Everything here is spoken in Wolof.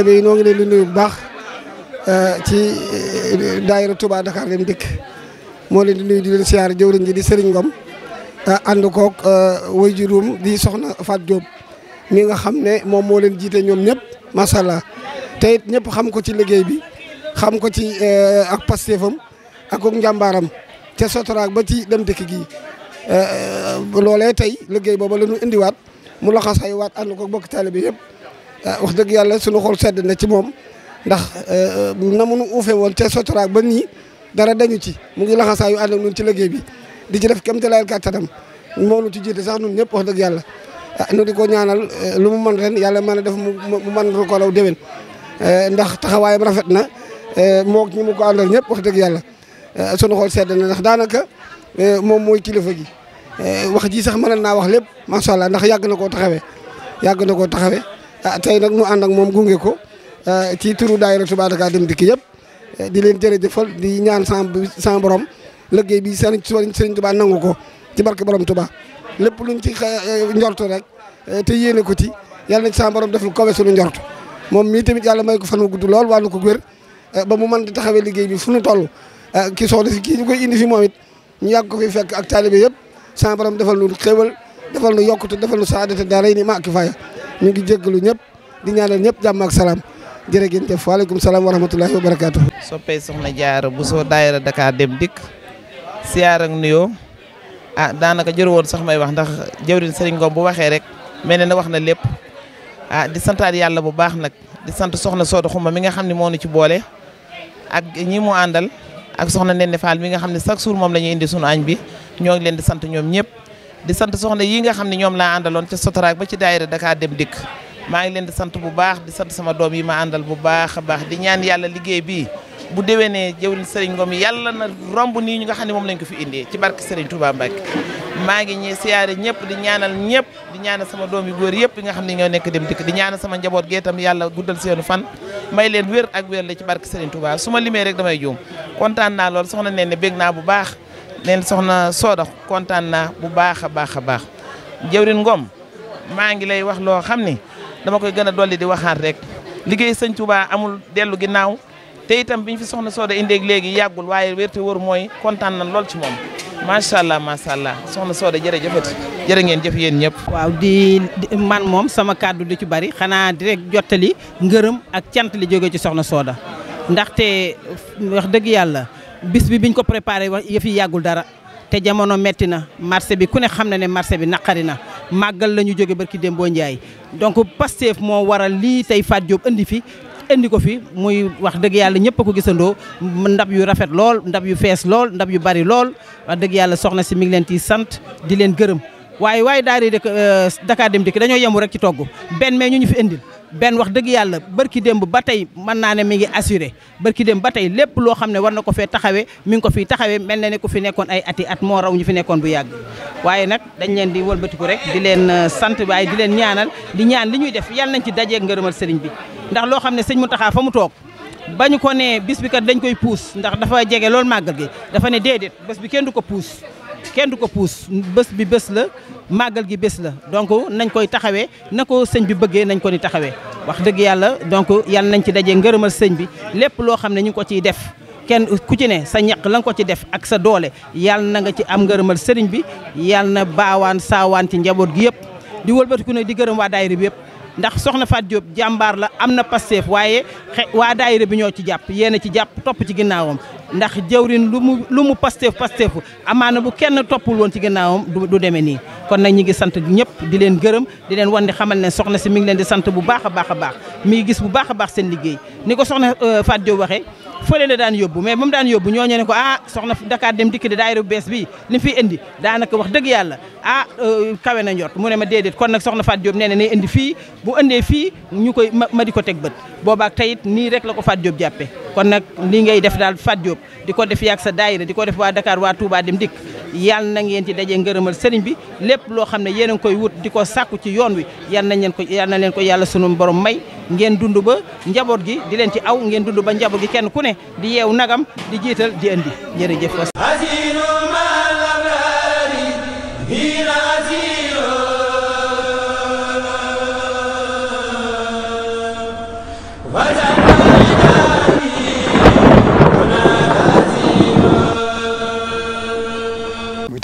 taalibe yi noo ngi leen di nuyu bu baax eh, ci eh, daayira Touba Dakar Dem Dikk moo leen di nuyu di leen siyaar jëwriñ ji di Serigne Ngom eh, ànd koog waajuram di soxna Fatou Diop mi nga xam ne moom moo leen jiite ñoom ñëpp macha allah te it ñëpp xam ko ci liggéey bi xam ko ci ak pastéefam ak ak njàmbaaram ca sotoraak ba ci dem dëkk gi loolee tey liggéey boobu la ñu indiwaat mu laxasay waat ànd ko bokk taalibe yëpp. Ah, wax dëgg yàlla suñu xol sedd na ci moom ndax euh, na mu nu uufe woon te sotoraak ba nii dara dañu ci mu ngi laxasaayu ànd ak ñun ci liggéey bi di ci def kem te layal kàttanam moo nu ci jiite sax ñun ñëpp wax dëgg yàlla ah, di ko ñaanal euh, lu mu mën ren yàlla mën a def mu mën ko law déwén euh, ndax taxawaayam rafet na moo ñi mu ko àndal ñëpp wax dëgg yàlla sunu xol sedd na ndax daanaka moom mooy kilifa gi wax ji sax mën naa wax lépp macha allah ndax yàgg na koo taxawee yàgg na koo taxawee ah tey nag nu ànd ak moom gunge ko eh, ci turu daayira Touba Dakar Dem Dikk yëpp eh, di leen jërëjëfal di ñaan sa borom liggéey bi seen sëriñ Touba nangu ko ci barke borom Touba lépp luñ ci eh, njortu rek te yéene ko ci yàlla nañ sa borom def lu kawe suñu njort moom mii tamit yàlla may ko fan gudd lool wàllu ko wér ba mu mën di taxawee liggéey bi fu ñu toll ki soxna si kii ñu koy indi fi moom it ñu yàgg ko fi fekk ak taalibe yëpp sa borom defal lu xéewal defal nu yokkute defal nu saadate daaray ni ma ak faaya ñu ngi jéggalu ñëpp di ñaanal ñëpp jàmm ak salaam jërë ngeen jëf waaleykum salaam wa rahmatulahi wa barakaatu. soppee soxna Diarra bu soo daayira Dakar dem dikk siyaar ak nuyoo ah daanaka jër woon sax may wax ndax jëwriñ Serigne Ngom bu waxee rek mel na wax na lépp ah di santaat yàlla bu baax nag di sant soxna Sooda Xuma mi nga xam ne moo nu ci boole ak ñi mu àndal ak soxna Nene Fall mi nga xam ne chaque jour moom la indi sunu añ bi ñoo ngi leen di sant ñoom ñëpp. di sant soxna yi nga xam ne ñoom laa àndaloon ca Sotrac ba ci daayira Dakar dem dikk maa ngi leen di sant bu baax di sant sama doom yi ma àndal bu baax a baax di ñaan yàlla liggéey bi bu déwénee jëwriñ Serigne Ngom yàlla na romb nii ñu nga xam ne moom lañ ko fi indee ci barke Serigne Touba Mbacke maa ngi ñi siyaare ñëpp di ñaanal ñëpp di ñaanal sama doom yu góor yëpp yi nga xam ne ñoo nekk dem dikk di ñaanal sama njaboot gee itam yàlla guddal seenu fan may leen wér ak wér la ci barke Serigne Touba su ma limee rek damay juum baax neen soxna Soda kontaan naa bu baax a baax a baax jëwrin Ngom maa ngi lay wax loo xam ni dama koy gën a dolli di waxaat rek liggéey sëñ Touba amul dellu ginnaaw te itam bi fi soxna Soda indeeg léegi yàggul waaye wér te wóor mooy kontaan na ci moom macha allah macha allah soxna Soda jërëjëfati jërë ngeen jëf yéen ñëpp. waaw di man moom sama kàddu di ci bari xanaa direk jottali ngërëm ak cant li jóge ci soxna Soda ndaxte wax dëgg yàlla. bis bi biñ ko préparer wax yëf yi yàggul dara te jamono metti na marché bi ku ne xam na ne marché bi naqari na màggal la ñu jóge barki Dembo Ndiaye donc Pastef moo waral lii tey Fatou Diop indi fi indi ko fi muy wax dëgg yàlla ñëpp a ko gisandoo ndab yu rafet lool ndab yu fees lool ndab yu bari lool wax dëgg yàlla soxna si mi ngi leen ciy sant di leen gërëm waaye waaye daari euh, Dakar Dem Dikk dañoo yemu rek ci togg benn mais ñu ñu fi indil benn wax dëgg yàlla barki démb ba tey mën naa ne mi ngi assuré barki démb ba tey lépp loo xam ne war na ko fee taxawee mi ngi ko fii taxawee mel na ne ku fi nekkoon ay ati at moo raw ñu fi nekkoon bu yàgg waaye nag dañ leen di wëlbatiku rek di leen euh, sant waaye di leen ñaanal di ñaan li ñuy def yàlla nañ ci dajeeg ngërëmal sëriñ bi ndax loo xam ne sëñ Mountakha fa mu toog bañu ko ne bis bi kat dañ koy puus ndax dafa jege loolu màggal gi dafa ne déedéet bés bi kenn du ko puus kenn du ko puus bës bi bés la màggal gi bés la donc nañ koy taxawee na ko sëñ bi bëggee nañ ko ni taxawee wax dëgg yàlla donc yàlla nañ ci dajee ngërëmal sëñ bi lépp loo xam ne ñu ko ciy def kenn ku ci ne sa ñaq la ko ci def ak sa doole yàlla na nga ci am ngërëmal sëriñ bi yàlla na baawaan saawaan ci njaboot gi yëpp di wëlbatiku ne di gërëm waa daayira bi yëpp ndax soxna Faat Diop jàmbaar la am na pasteef waaye xe waa daayira bi ñoo ci jàpp yéen a ci jàpp topp ci ginnaawam ndax jëwrin lu mu lu mu pasteef pasteefu amaana bu kenn toppul woon ci ginnaawam du deme nii kon nag ñi ngi sant ñëpp di leen gërëm di leen wan di xamal ne soxna si mi ngi leen di sant bu baax a baax a baax mi ngi gis bu baax a baax seen liggéey ni ko soxna euh, Faat Diop waxee fële la daan yóbbu mais ba mu daan yóbbu ñooñu ne ko ah soxna Dakar dem dikk de daayira bu bees bii li fi indi daanaka wax dëgg yàlla ah euh, kawe na njort mu ne ma déedéet kon nag soxna Fat Diop nee ne ne indi fii bu indee fii ñu koy ma di ko teg bët boobaak tayit nii rek la ko faat Diop jàppe kon nag li ngay def daal Fat Diop di ko def yàgg sa daayira di ko def waa dakaar waa Touba dem dikk yal na ngeen ci dajee ngërëmal sëriñ bi lépp loo xam ne yéen a ngi koy wut di ko sàkku ci yoon wi yàlla nañ leen ko yàlla na leen ko yàlla sunu borom may ngeen dund ba njaboot gi di leen ci aw ngeen dund ba njaboot gi kenn ku ne di yeew nagam di jiital di andi jërëjëf